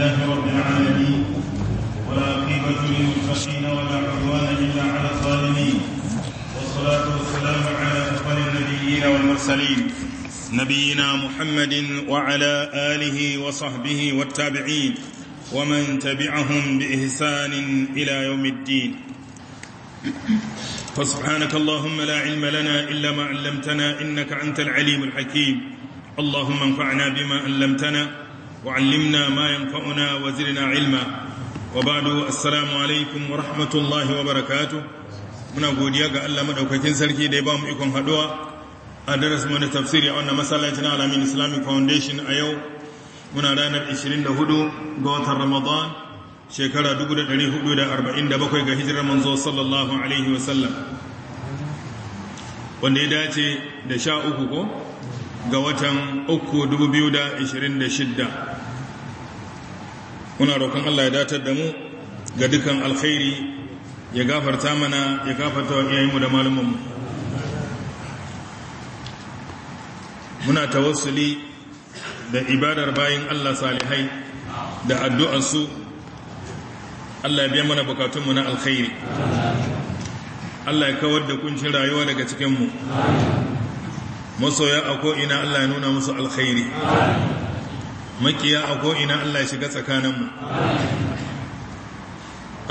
لله رب العالمين ولا عقيبة للمتقين ولا عدوان إلا على الظالمين والصلاة والسلام على أفضل النبيين والمرسلين نبينا محمد وعلى آله وصحبه والتابعين ومن تبعهم بإحسان إلى يوم الدين فسبحانك اللهم لا علم لنا إلا ما علمتنا إنك أنت العليم الحكيم اللهم انفعنا بما علمتنا وعلمنا ما ينفعنا وزرنا علما وبعد السلام عليكم ورحمة الله وبركاته من أقول يا الله مدوكتين سلكي ديبام إكم هدوى أدرس من تفسيري أن مسألة على من إسلامي فاونديشن أيو من رانا 24 قوة رمضان shekara 447 ga hijirar manzo sallallahu alaihi wasallam wanda ya dace da sha uku ko ga watan uku shidda. muna roƙon Allah ya datar da mu ga dukan alkhairi ya gafarta mana ya gafarta wa iyayenmu da malumanmu muna tawassuli da ibadar bayan Allah salihai da addu'arsu Allah ya biya mana bukatunmu na alkhairi Allah ya kawar da kuncin rayuwa daga cikinmu masoya a ko'ina Allah ya nuna musu alkhairi makiya a ko'ina Allah ya shiga tsakaninmu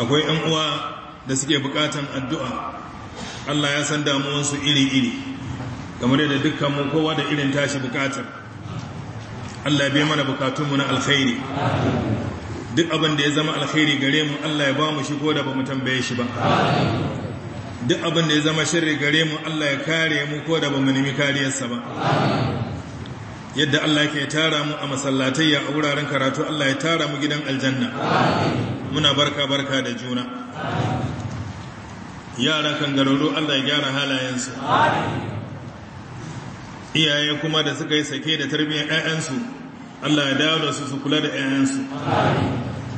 akwai ‘yan uwa da suke bukatan addu'a Allah ya san damuwansu iri-iri kamar da dukkanmu kowa da irin tashi bukatar Allah ya bai mana bukatunmu na alkhairi duk abin da ya zama alkhairi gare mu Allah ya ba mu shi ko da ba mu tambaye shi ba duk abin da ya zama shirri gare mu Allah ya kare mu ko da ba mu nemi kariyarsa ba yadda Allah ke tara mu a masallatai a wuraren karatu Allah ya tara mu gidan aljanna muna barka barka da juna yara kan garuru Allah ya gyara halayensu iyaye kuma da suka yi sake da tarbiyyar 'ya'yansu Allah ya dawo da su su kula da 'ya'yansu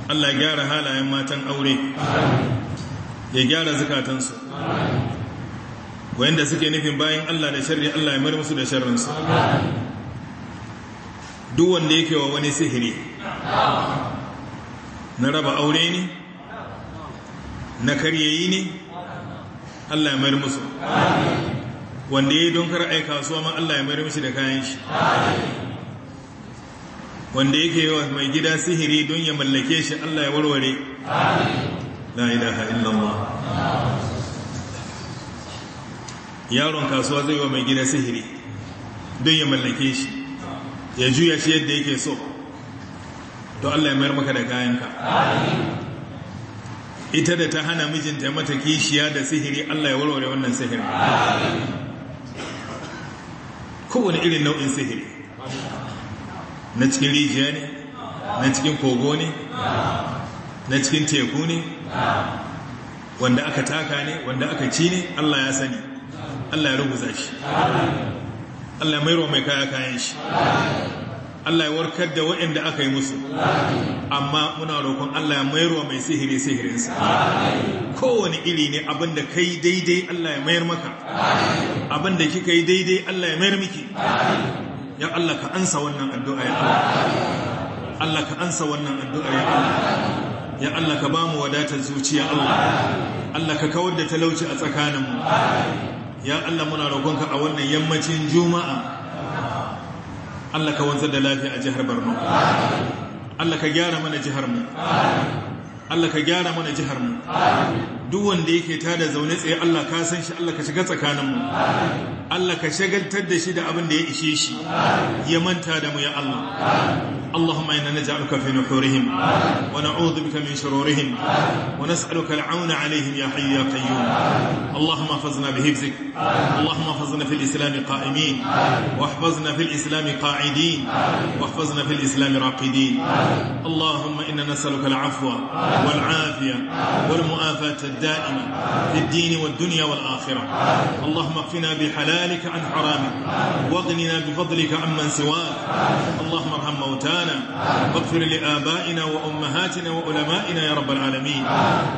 Allah ya gyara halayen matan aure ya gyara zukatansu wanda suke nufin bayan Allah da sharri Allah ya mar musu da sharrinsu duk wanda yake wa wani sihiri na raba aure ne na karyayi ne Allah ya mayar musu wanda ya yi don kar aika kasuwa ma Allah ya mayar musu da kayan shi wanda yake wa mai gida sihiri don ya mallake shi Allah ya warware la ilaha illallah yaron kasuwa zai wa mai gida sihiri don ya mallake shi ya juya shi yadda yake so to Allah ya mayar maka da kayanka ita da ta hana mijinta ya mata kishiya da sihiri Allah ya warware wannan sihiri kowane irin nau'in sihiri na cikin rijiya ne na cikin kogo ne na cikin teku ne wanda aka taka ne wanda aka ci ne Allah ya sani Allah ya rubuta shi Allah ya mairo mai kaya kayan shi Allah ya warkar da waɗanda aka yi musu amma muna roƙon Allah ya mairo mai sihiri sihirinsa kowane iri ne abinda yi daidai Allah ya mayar maka abinda kika yi daidai Allah ya mayar miki ya Allah ka ansa wannan addu'a ya Allah Allah ka ansa wannan addu'a ya Allah ya Allah ka bamu wadatar zuciya Allah Allah ka kawar da talauci a tsakaninmu ya Allah muna roƙonka a wannan yammacin juma'a Allah ka wanzar da lafiya a jihar Borno Allah ka gyara mana jihar mu Allah ka gyara mana jihar mu duk wanda yake tada zaune tsaye Allah ka san shi Allah ka shiga tsakanin mu Allah ka shagaltar da shi da abin da ya ishe shi ya manta da mu ya Allah اللهم إنا نجعلك في نحورهم ونعوذ بك من شرورهم ونسألك العون عليهم يا حي يا قيوم اللهم احفظنا بهفزك اللهم احفظنا في الإسلام قائمين واحفظنا في الإسلام قاعدين واحفظنا في الإسلام راقدين اللهم إنا نسألك العفو والعافية والمؤافاة الدائمة في الدين والدنيا والآخرة اللهم اكفنا بحلالك عن حرامك واغننا بفضلك عمن سواك اللهم ارحم موتانا ربنا واغفر لآبائنا وأمهاتنا وعلمائنا يا رب العالمين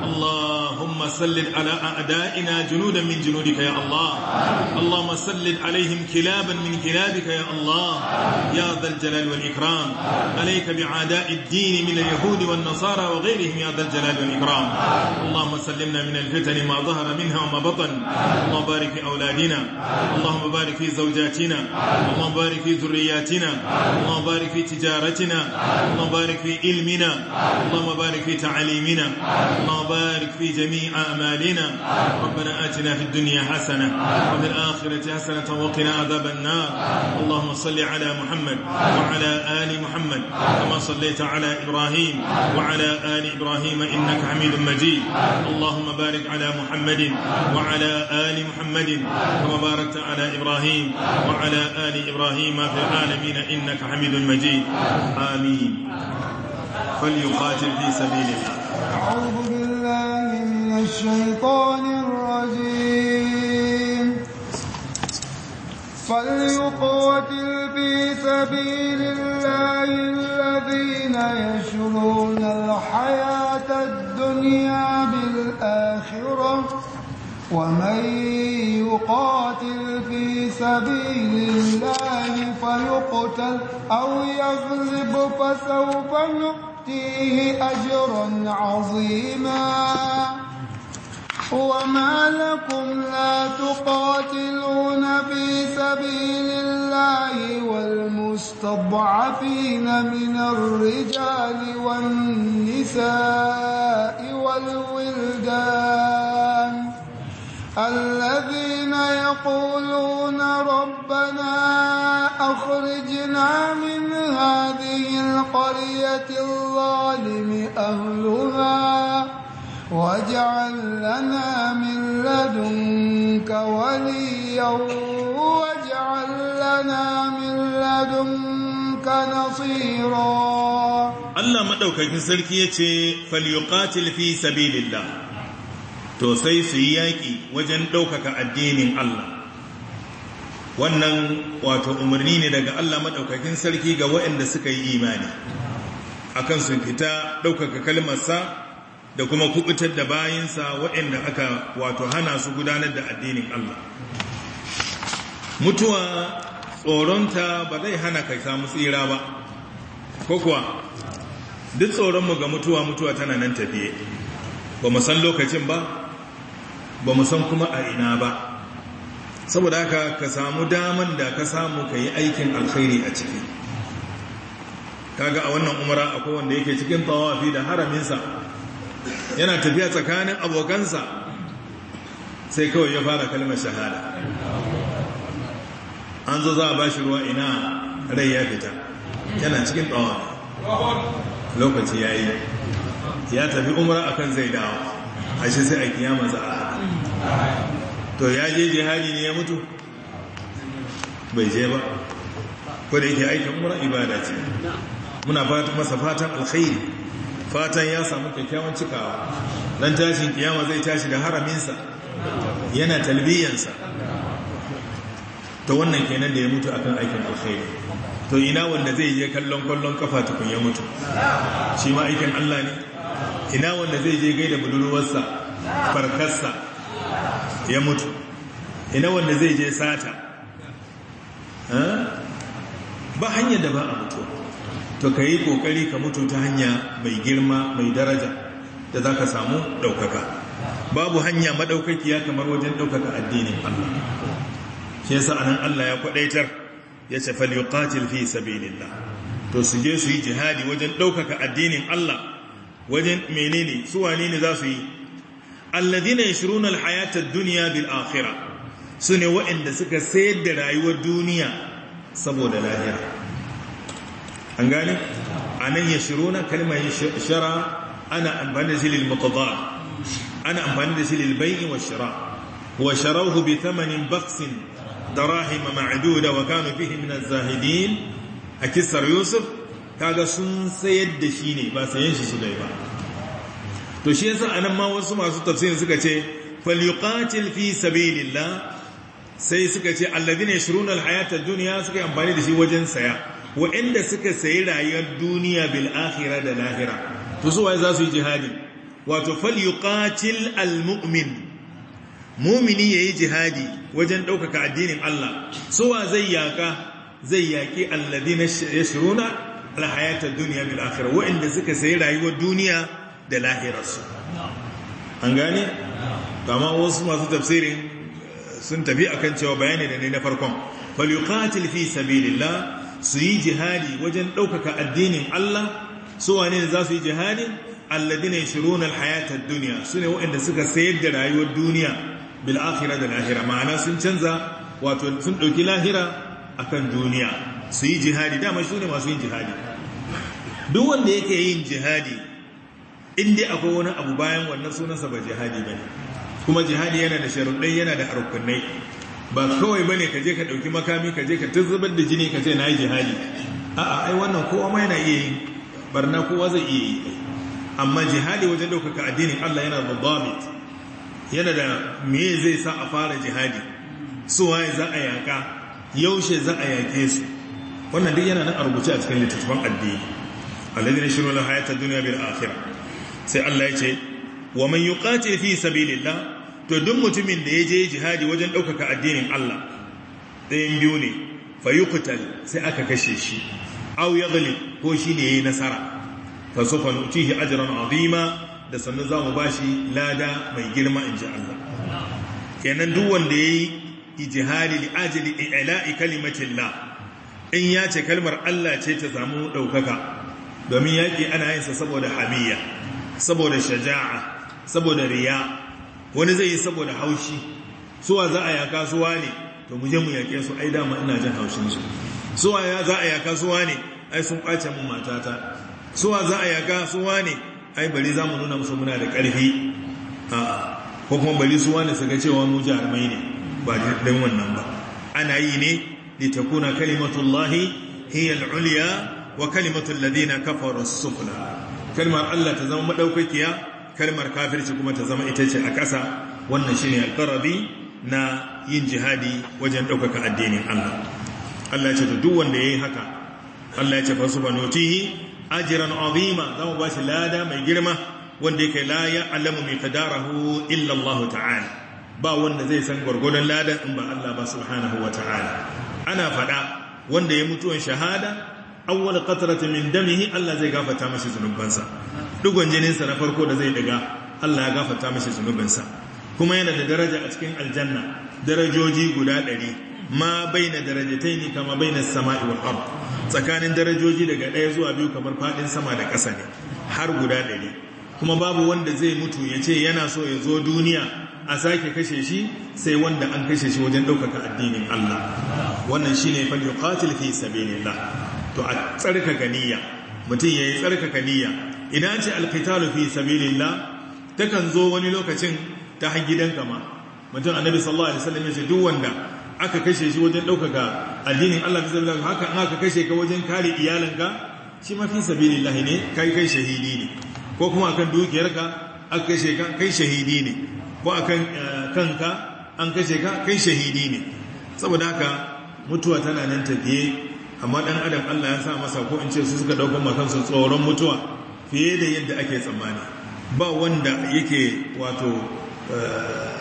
اللهم سلل على أعدائنا جنودا من جنودك يا الله اللهم سلل عليهم كلابا من كلابك يا الله يا ذا الجلال والإكرام عليك بعداء الدين من اليهود والنصارى وغيرهم يا ذا الجلال والإكرام اللهم سلمنا من الفتن ما ظهر منها وما بطن اللهم بارك في أولادنا اللهم بارك في زوجاتنا اللهم بارك في ذرياتنا اللهم بارك في تجارتنا صلاتنا اللهم بارك في علمنا اللهم بارك في تعليمنا اللهم بارك في جميع أعمالنا ربنا آتنا في الدنيا حسنة وفي الآخرة حسنة وقنا عذاب النار اللهم صل على محمد وعلى آل محمد كما صليت على إبراهيم وعلى آل إبراهيم إنك حميد مجيد اللهم بارك على محمد وعلى آل محمد كما باركت على إبراهيم وعلى آل إبراهيم في العالمين إنك حميد مجيد آمين فليقاتل في سبيل الله أعوذ بالله من الشيطان الرجيم فليقاتل في سبيل الله الذين يشرون الحياة الدنيا بالآخرة ومن يقاتل في سبيل الله فيقتل أو يغلب فسوف نؤتيه أجرا عظيما وما لكم لا تقاتلون في سبيل الله والمستضعفين من الرجال والنساء والولدان الذين يقولون ربنا أخرجنا من هذه القرية الظالم أهلها واجعل لنا من لدنك وليا واجعل لنا من لدنك نصيرا الله ما دوك يتي فليقاتل في سبيل الله to sai su yi yaƙi wajen ɗaukaka addinin Allah wannan wato umarni ne daga Allah maɗaukakin sarki ga waɗanda suka yi imani akan sun fita ɗaukaka kalmarsa da kuma kubutar da bayansa waɗanda aka wato hana su gudanar da addinin Allah mutuwa tsoronta ba zai hana kai samu tsira ba ko kuwa duk tsoronmu ga mutuwa mutuwa tana nan tafiye ba mu san lokacin ba ba mu san kuma a ina ba saboda haka ka samu daman da ka samu ka yi aikin alkhairi a ciki kaga a wannan umara akwai wanda yake cikin tawafi da haraminsa yana tafiya tsakanin abokansa sai kawai ya fara kalmar shahada an zo za a ba shi ruwa ina rai ya fita yana cikin tawafi lokaci ya yi ya tafi umara akan zai dawo ashe sai a kiyama za a to ya je jihadi ne ya mutu bai je ba ko da yake aikin umra ibada ce muna masa fatan alkhairi fatan ya samu kyakkyawan cikawa dan tashin kiyama zai tashi da haraminsa yana talbiyansa to wannan kenan da ya mutu akan aikin alkhairi to ina wanda zai je kallon kallon kafa tukun ya mutu shi ma aikin Allah ne ina wanda zai je gaida budurwarsa farkarsa ya mutu ina wanda zai je sata ba hanyar da ba a mutu." to ka yi kokari ka mutu ta hanya mai girma mai daraja da za ka samu ɗaukaka babu hanya maɗaukakiya kamar wajen ɗaukaka addinin Allah shi yasa anan Allah ya kwaɗaitar ya ce falyuqatil fi sabilillah to su je su yi jihadi wajen ɗaukaka addinin Allah wajen menene su wane ne za su yi alladhina yashruna alhayata ad-dunya bil akhirah sune waɗanda suka sayar da rayuwar duniya saboda lahira an gane anan yashruna kalmar shara ana amfani da shi lil mutadar ana amfani da shi lil bai'i wash shara wa sharawhu bi thamanin baqsin darahim ma'duda wa kanu fihi min az-zahidin akisar yusuf kaga sun sayar da shi ne ba sayen shi su dai ba to shi yasa anan ma wasu masu tafsirin suka ce falyuqatil fi sabilillah sai suka ce alladhina yashruna alhayata ad-dunya suka yi amfani da shi wajen saya wa'anda suka sayi rayuwar duniya bil akhirah da lahira to su za su yi jihadi wato falyuqatil almu'min mumini yayi jihadi wajen daukaka addinin Allah suwa zai yaka zai yaki alladhina yashruna duniya ad-dunya bil akhirah suka sayi rayuwar duniya da lahirarsu an gane? kama wasu masu tafsirin eh, sun tafi akan cewa bayani da ne na farkon falyuqatil fi sabilillah su yi jihadi wajen ɗaukaka addinin Allah su wane za su yi jihadi alladina yashuruna duniya, su sune waɗanda suka sayar da rayuwar duniya bil da lahira ma'ana sun canza wato sun ɗauki lahira akan duniya su yi jihadi dama ne masu yin jihadi duk wanda yake yin jihadi inda akwai wani abu bayan wannan sunansa ba jihadi ba kuma jihadi yana da sharuɗai yana da harkunai ba kawai ba ne ka je ka ɗauki makami ka je ka tuzzubar da jini ka ce na yi jihadi a'a ai wannan kowa ma yana iya yi barna kowa zai iya yi amma jihadi wajen ɗaukaka addinin allah yana da damit yana da me zai sa a fara jihadi su waye za a yaƙa yaushe za a yaƙe su wannan duk yana nan a rubuce a cikin littattafan addini alladhina yashruna hayata dunya bil akhirah sai Allah ya ce wa man yuqatil fi sabilillah to duk mutumin da yaje jihadi wajen daukaka addinin Allah dayan biyu ne fayuqtal sai aka kashe shi aw yaghlib ko shine yayi nasara fa sufa ajran azima da sannan mu bashi lada mai girma inji Allah kenan duk wanda yayi ijihadi li ajli i'la'i kalimatillah in ya ce kalmar Allah ce ta samu ɗaukaka domin yaƙi ana yin sa saboda hamiyya saboda shaja'a saboda riya wani zai yi saboda haushi suwa za a yaka suwa ne to mu je mu yake su ai dama ina jin haushin su suwa za a yaka suwa ne ai sun kwace mun matata suwa za a yaka suwa ne ai bari za mu nuna musu muna da ƙarfi a'a ko kuma bari suwa ne su ga cewa mu jarumai ne ba dan wannan ba ana yi ne takuna kalimatullahi hiya al-ulya wa kalimatul ladina kafaru as-sufla kalmar Allah ta zama madaukakiya kalmar kafirci kuma ta zama ita ce a ƙasa wannan shine alƙarabi na yin jihadi wajen ɗaukaka addinin Allah Allah ya ce to duk wanda ya yi haka Allah ya ce fa subhanutihi ajran azima ba bashi lada mai girma wanda ya yake la ta miqdarahu illa Allah ta'ala ba wanda zai san gwargwadon lada in ba Allah ba subhanahu wa ta'ala ana faɗa wanda ya mutuwan shahada awwal qatrata min damihi Allah zai gafarta mashi zunubansa dugon jininsa na farko da zai daga Allah ya gafarta mashi zunubansa kuma yana da daraja a cikin aljanna darajoji guda ɗari ma baina ne kama baina sama'i wal ard tsakanin darajoji daga ɗaya zuwa biyu kamar faɗin sama da ƙasa ne har guda ɗari kuma babu wanda zai mutu ya ce yana so ya zo duniya a sake kashe shi sai wanda an kashe shi wajen ɗaukaka addinin Allah wannan shine fal yuqatil fi sabilillah to a tsarkaka niyya mutum ya yi tsarkaka niyya idan ce alkitalu fi sabilillah takan zo wani lokacin ta har gidan kama mutum annabi sallallahu alaihi wasallam ya ce duk wanda aka kashe shi wajen ɗaukaka addinin Allah fi sabilillah haka an aka kashe ka wajen kare iyalanka, shi ma fi sabilillah ne kai kai shahidi ne ko kuma akan dukiyarka aka kashe ka kai shahidi ne ko akan eh, kanka an kashe ka kai shahidi ne saboda haka mutuwa tana nan tafiye amma ɗan adam Allah ya sa masa ko in ce su suka daukan makansu tsoron mutuwa fiye da yadda ake tsammani ba wanda yake wato eh,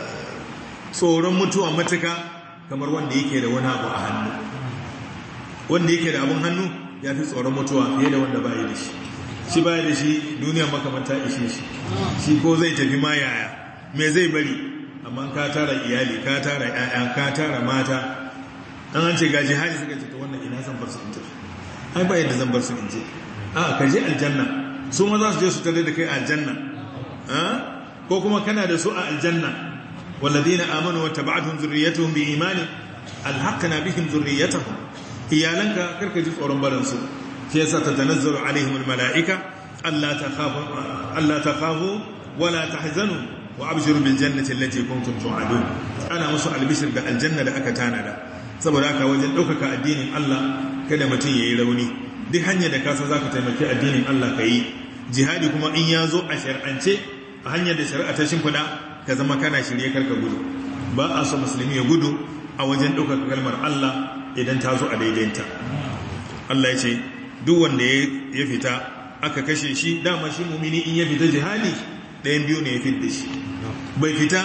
tsoron mutuwa matuka kamar wanda yake da wani abu a hannu wanda yake da abun hannu ya fi tsoron mutuwa fiye da wanda bayi da shi shi bayi da shi duniya makamanta ishe shi shi ko zai tafi ma yaya me zai bari amma ka tara iyali ka tara 'ya'ya ka tara mata an ce gaji hali suka ce aljanna ina zan bar su in tafi ai ba yadda zan bar su in je a ka je aljanna su ma za su je su tare da kai aljanna ko kuma kana da su a aljanna walladina amanu wa tabatuhum zurriyatuhum bi imani alhaqna bihim zurriyatuhum iyalanka karka ji tsoron barin su shi yasa tatanazzalu alaihim almalaika alla takhafu alla takhafu wala tahzanu wa abshiru bil jannati allati kuntum tu'adun ana musu albishir da aljanna da aka tanada saboda haka wajen ɗaukaka addinin Allah kada mutum ya yi rauni duk hanyar da kasa za ka taimaki addinin Allah ka yi jihadi kuma in ya zo a shari'ance, a hanyar da shari'a ta shimfiɗa ka zama kana shirye karka gudu ba a so musulmi ya gudu a wajen ɗaukaka kalmar Allah idan ta zo a daidaita Allah ya ce duk wanda ya fita aka kashe shi dama shi mumini in ya fita jihadi ɗayan biyu ne ya fidda shi bai fita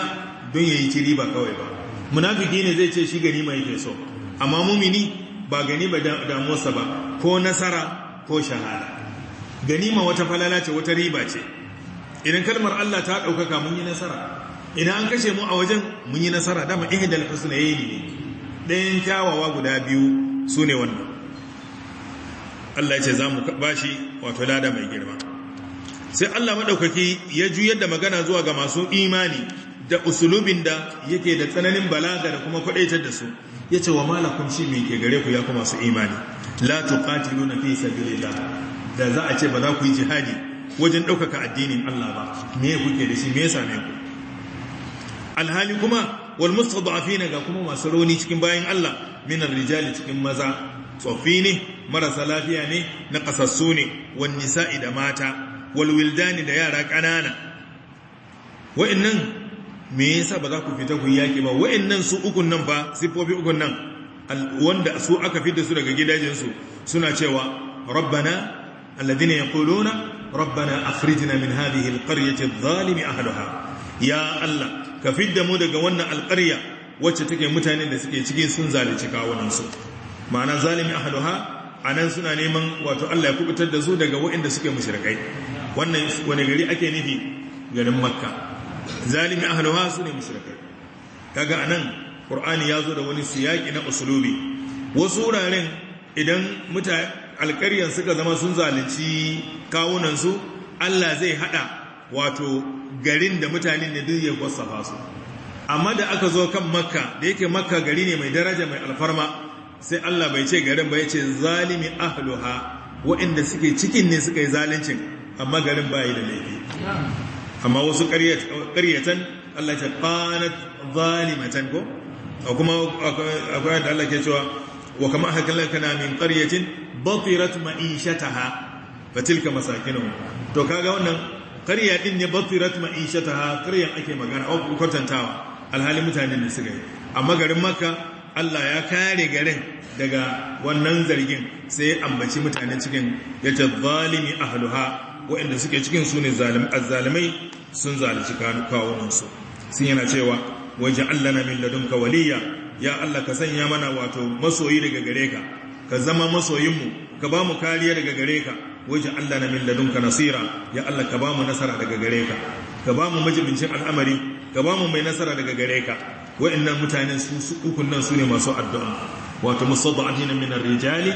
don ya yi kiri ba kawai ba munafiki ne zai ce shi ganima mai so amma mumini ba ganima damuwarsa ba ko nasara ko shahada ganima wata falala ce wata riba ce idan kalmar Allah ta ɗaukaka mun yi nasara idan an kashe mu a wajen mun yi nasara dama ihdal husnayni ne ɗayan kyawawa guda biyu su ne wannan Allah ce za mu bashi wato lada mai girma sai Allah maɗaukaki ya juyar da magana zuwa ga masu imani da usulubin da yake da tsananin balaga da kuma kwadaitar da su ya ce wa malakun shi mai ke gare ku ya kuma su imani la tuqatilu na fi sabilillah da za a ce ba za ku yi jihadi wajen ɗaukaka addinin Allah ba me kuke da shi me ya same ku alhali kuma wal mustada'afina ga kuma masu rauni cikin bayan Allah min rijali cikin maza tsofi ne marasa lafiya ne na kasassu ne wan nisa'i da mata Walwildani da yara ƙanana wa'annan me yasa ba za ku fita ku yaki ba wa'annan su ukun nan fa sifofi ukun nan wanda su aka fita su daga gidajensu suna cewa rabbana alladhina yaquluna rabbana akhrijna min hadhihi alqaryati adh-dhalimi ahliha ya allah ka fidda mu daga wannan alqarya wacce take mutanen da suke cikin sun zalunci kawunan su ma'ana zalimi ahliha anan suna neman wato Allah ya kubutar da su daga waɗanda suke mushrikai wannan wani gari ake nufi garin makka zalimi ahluha su ne mushrikai kaga anan ƙur'ani ya zo da wani siyaki na usulubi wasu wuraren idan mutane suka zama sun zalunci kawunansu Allah zai haɗa wato garin da mutanen da duk ya wasafa su amma da aka zo kan makka da yake makka gari ne mai daraja mai alfarma sai Allah bai ce garin bai ce zalimi ahluha waɗanda suke cikin ne suka yi zalincin amma garin bayi da laifi amma wasu ƙaryatan Allah ce ƙanat zalimatan ko a kuma akwai da Allah ke cewa wa kama hakalaka na min ƙaryatin batirat ma'ishataha Ba tilka masakinu to kaga wannan ƙarya din ne batirat ma'ishataha ƙaryan ake magana a kwatantawa alhali mutanen da suka yi amma garin maka Allah ya kare garin daga wannan zargin sai ambaci mutanen cikin yace zalimi ahluha waɗanda suke cikin su ne azzalimai sun zalunci kawunansu sun yana cewa waje Allah na min ladunka waliya ya Allah ka sanya mana wato masoyi daga gare ka ka zama masoyinmu ka ba mu kariya daga gare ka waje Allah na min ladunka nasira ya Allah ka ba mu nasara daga gare ka ka ba mu majibincin al'amari ka ba mu mai nasara daga gare ka waɗannan mutane su ukun nan su ne masu addu'a wato musadda'atina min ar-rijali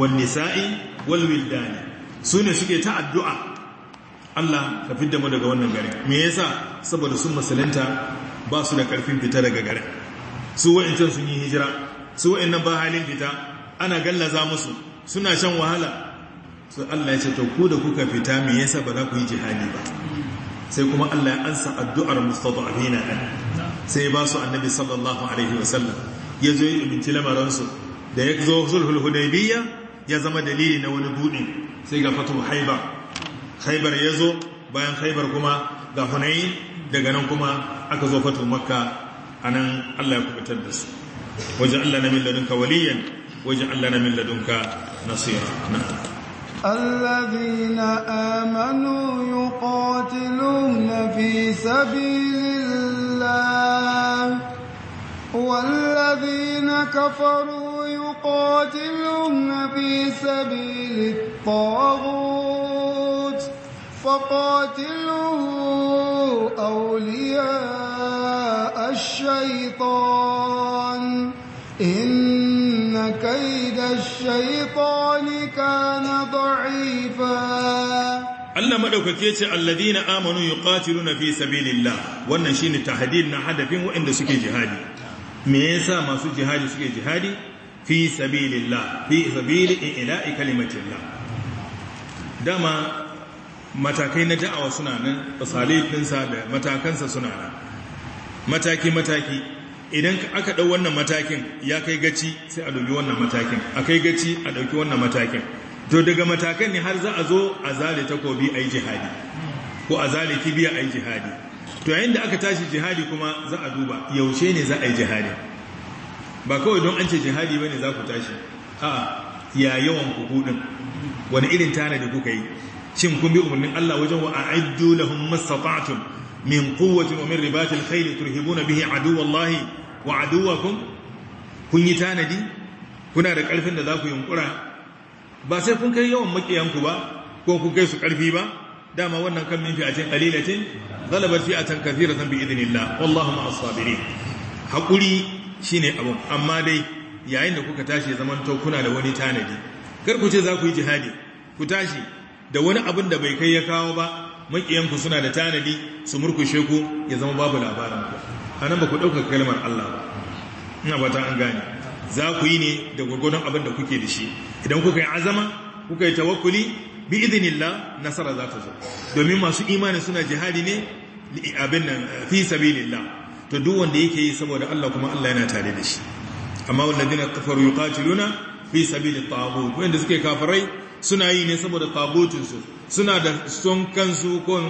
wan nisa'i wal wildani suke ta addu'a Allah ka fidda mu daga wannan gari. me yasa saboda sun musulunta ba su da karfin fita daga garin su wa'ancan sun yi hijira su wa'annan ba halin fita ana gallaza musu suna shan wahala su Allah ya ce to ku da kuka fita me yasa ba za ku yi jihadi ba sai kuma Allah ya ansa addu'ar mustada'ina din sai ba su annabi sallallahu alaihi sallam. ya zo ya ibinci lamaransu da ya zo sulhul hudaybiyya ya zama dalili na wani buɗi sai ga fatu haiba khaibar ya zo bayan khaibar kuma ga hunayi daga nan kuma aka zo fatu makka a nan allah ya kubutar da su waje allah na min ladunka waliyan waje allah na min ladunka nasira na الذين آمنوا يقاتلون في سبيل الله والذين كفروا يقاتلون في سبيل الطاغوت فقاتلوا أولياء الشيطان إن كيد الشيطان كان ضعيفا Allah maɗaukaki ya ce alladina amanu yuqatiluna fi sabilillah wannan shine tahdid na hadafin waɗanda suke jihadi me yasa masu jihadi suke jihadi fi sabilillah fi sabili ila kalimatillah dama matakai na da'awa suna nan salifinsa da matakansa suna nan mataki-mataki idan aka ɗau wannan matakin ya kai gaci sai a ɗauki wannan matakin a kai gaci a ɗauki wannan matakin to daga matakan ne har za a zo a zale takobi a yi jihadi ko a zale kibiya a yi jihadi to yayin da aka tashi jihadi kuma za a duba yaushe ne za a yi jihadi ba kawai don an ce jihadi ba ne za ku tashi a ya yawan kuku ɗin wani irin tanadi kuka yi shin kun bi umarnin Allah wajen wa a'iddu lahum mastata'tum min quwwatin wa min ribatil khayl turhibuna bihi aduwallahi wa aduwakum kun yi tanadi kuna da karfin da za ku yunkura ba sai kun kai yawan makiyanku ba ko kun kai su karfi ba dama wannan kan min fi'atin qalilatin ghalabat fi'atan kathiratan bi idnillah wallahu ma'as sabirin hakuri shine abun amma dai yayin da kuka tashi zaman to kuna da wani tanadi kar ku ce za ku yi jihadi ku tashi da wani abin da bai kai ya kawo ba makiyanku suna da tanadi su murkushe ku ya zama babu labarin ku A nan ba ku ɗaukar kalmar Allah ba ina ba ta an gane za ku yi ne da gwagwadon abin da kuke da shi idan kuka yi azama kuka yi tawakkuli bi idinillah nasara za ta zo domin masu imani suna jihadi ne abin nan fi sabilillah to duk wanda yake yi saboda Allah kuma Allah yana tare da shi amma walladina kafaru yuqatiluna fi sabilit taghut wanda suke kafirai suna yi ne saboda tagutinsu suna da son kansu ko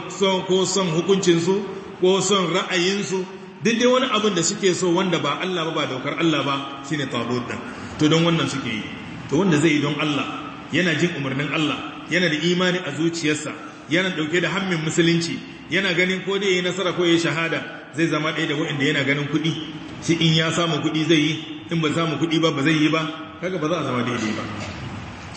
son hukuncinsu ko son ra'ayinsu duk dai wani abin da suke so wanda ba Allah ba ba daukar Allah ba shi ne din to don wannan suke yi to wanda zai yi don Allah yana jin umarnin Allah yana da imani a zuciyarsa yana dauke da hammin musulunci yana ganin ko dai yayi nasara ko yayi shahada zai zama ɗaya da wanda yana ganin kuɗi shi in ya samu kuɗi zai yi in ba samu kuɗi ba ba zai yi ba kaga ba za a zama daidai ba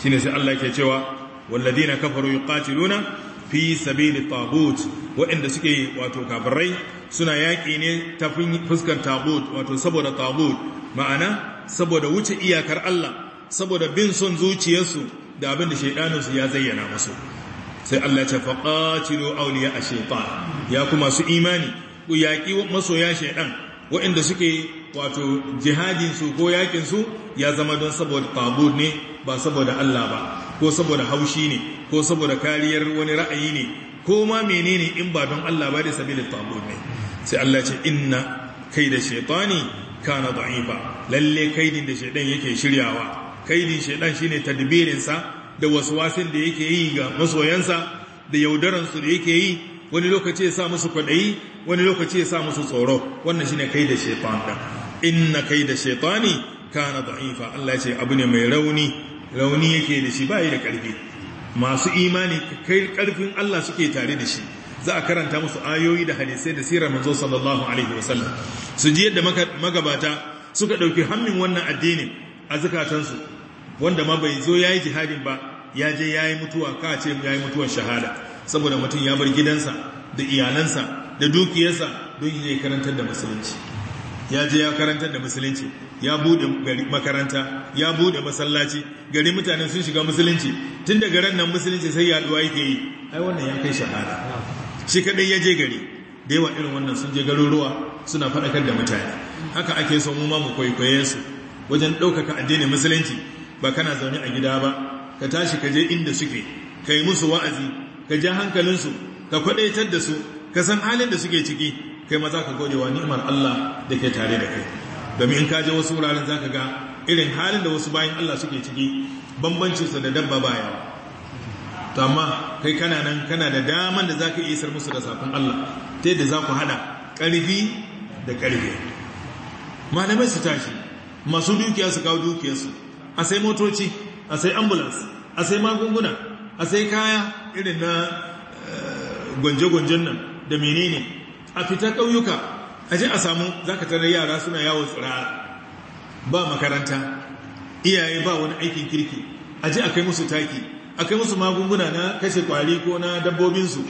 shine sai Allah yake cewa walladina kafaru yuqatiluna fi sabili tagut waɗanda suke wato kafirai suna yaki ne ta fuskar tagut wato saboda tagut ma'ana saboda wuce iyakar Allah saboda bin son zuciyarsu da abin da shaidaninsu ya zayyana musu sai Allah ce faqatilu awliya ash-shaytan ya kuma su imani ku yaƙi masoya shaidan waɗanda suke wato jihadin su ko yakin su ya zama don saboda tagut ne ba saboda Allah ba ko saboda haushi ne ko saboda kariyar wani ra'ayi ne ko ma menene in ba don Allah ba da sabilin tabut ne sai Allah ce inna kai da shaitani kana da'ifa lalle kaidin da shaidan yake shiryawa kaidin shaidan shine tadbirin sa da waswasin da yake yi ga masoyansa da yaudaran su da yake yi wani lokaci ya sa musu kwadayi wani lokaci ya sa musu tsoro wannan shine kai da shaitan inna kai da shaitani kana da'ifa Allah ya ce abu ne mai rauni rauni yake da shi yi da karfi masu imani kai karfin Allah suke tare da shi za a karanta musu ayoyi da hadisai da sirar manzo sallallahu alaihi wasallam su ji yadda magabata suka ɗauki hammin wannan addinin a zakatansu wanda ma bai zo yayi jihadin ba ya je yayi mutuwa ka ce yayi mutuwar shahada saboda mutum ya bar gidansa da iyalansa da dukiyarsa don ya karantar da musulunci ya je ya karantar da musulunci ya bude makaranta ya bude masallaci gari mutane sun shiga musulunci tun daga ran nan musulunci sai yaduwa yake yi ai wannan ya kai shahara shi kadai ya je gari da yawa irin wannan sun je garuruwa suna faɗakar da mutane haka ake son mu ma mu kwaikwaye su wajen ɗaukaka addinin musulunci ba kana zaune a gida ba ka tashi ka je inda suke ka musu wa'azi ka ja hankalinsu ka kwaɗaitar da su ka san halin da suke ciki kai maza ka gode wa ni'imar Allah da ke tare da kai domin in kaje wasu wuraren za ka ga irin halin da wasu bayan Allah suke ciki bambancin da dabba baya to amma kai kana nan kana da daman da zaka isar musu da safin Allah ta yadda za ku hada karfi da karfi malamai su tashi masu dukiya su kawo dukiyarsu a sai motoci a sai ambulance a sai magunguna a sai kaya irin na eh, gwanje-gwanjen nan da menene a fita ƙauyuka a a samu za ka yara suna yawon tsirara ba makaranta iyaye ba wani aikin kirki a a kai musu taki a kai musu magunguna na kashe kwari ko na dabbobinsu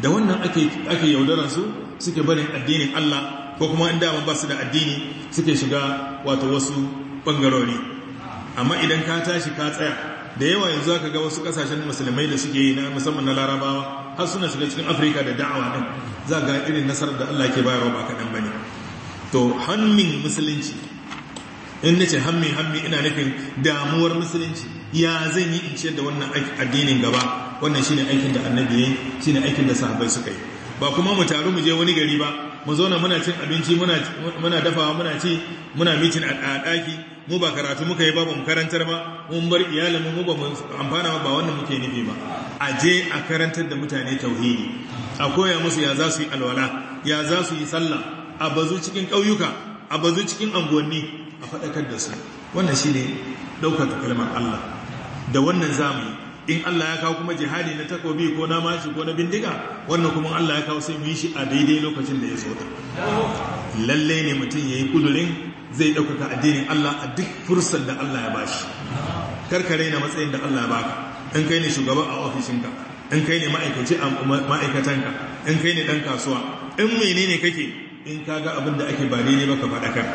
da wannan ake yaudararsu suke barin addinin Allah ko kuma in dama ba su da addini suke shiga wato wasu bangarori. amma idan ka tashi ka tsaya da yawa yanzu aka ga wasu kasashen musulmai da suke yi na musamman na larabawa har suna shiga cikin afirka da da'awa din za ga irin nasarar da allah ke bayarwa ba kaɗan ba ne to hannun musulunci in ce hammi hammi ina nufin damuwar musulunci ya zan yi in ciyar da wannan addinin gaba wannan shine aikin da annabi ya yi shine aikin da sahabbai suka yi ba kuma mu taru mu je wani gari ba mu zauna muna cin abinci muna dafawa muna ci muna mitin a ɗaki mu ba karatu muka yi ba mu karantar ba mun bar iyalan mu ba mu amfana ba wannan muke nufi ba a je a karantar da mutane tauhidi a koya musu ya za su yi alwala ya za su yi sallah a bazu cikin ƙauyuka a bazu cikin anguwanni a faɗakar da su wannan shine ne ɗaukaka kalmar Allah da wannan zamani in Allah ya kawo kuma jihadi na takobi ko na mashi ko na bindiga wannan kuma Allah ya kawo sai mu yi shi a daidai lokacin da ya so lalle ne mutum yayi kudurin zai ɗaukaka addinin Allah a duk fursar da Allah ya bashi karkare na matsayin da Allah ya baka in kai ne shugaba a ofishinka in kai ne ma'aikaci a ma'aikatanka in kai ne dan kasuwa in menene kake in ka ga abin da ake ba ne ba ka faɗakar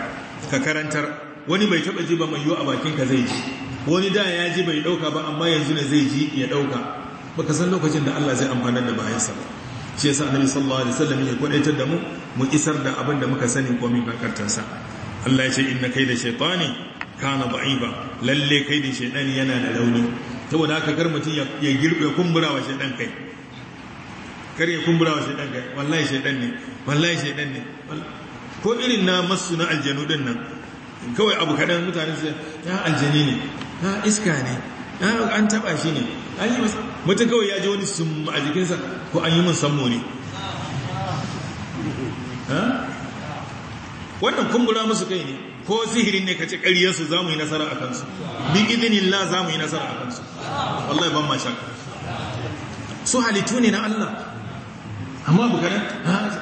ka karantar wani bai taɓa ji ba mai yiwu a bakinka zai ji wani da ya ji bai dauka ba amma yanzu ne zai ji ya dauka baka san lokacin da Allah zai amfana da bayansa shi yasa annabi sallallahu alaihi wasallam ya kwadaitar da mu mu isar da abin da muka sani ko min sa. Allah ya ce inna kayda shaytani kana da'ifa lalle kai da shaytani yana da launi saboda haka kar mutum ya girbe kumbura wa shaytan kai kar ya kumbura wa shaytan kai wallahi shaytan ne wallahi shaytan ne ko irin na masu na aljanu nan kawai abu kadan mutane su ya aljani ne ha iska ne an taba shi ne an yi mutu kawai ya ji wani sun a jikinsa ko an yi min sammo ne wannan kumbura musu kai ne ko sihirin ne ka ce ƙaryarsu za mu yi nasara a kansu bin izinin la za mu yi nasara a kansu wallahi ban ma shaka su halittu ne na Allah amma bukanan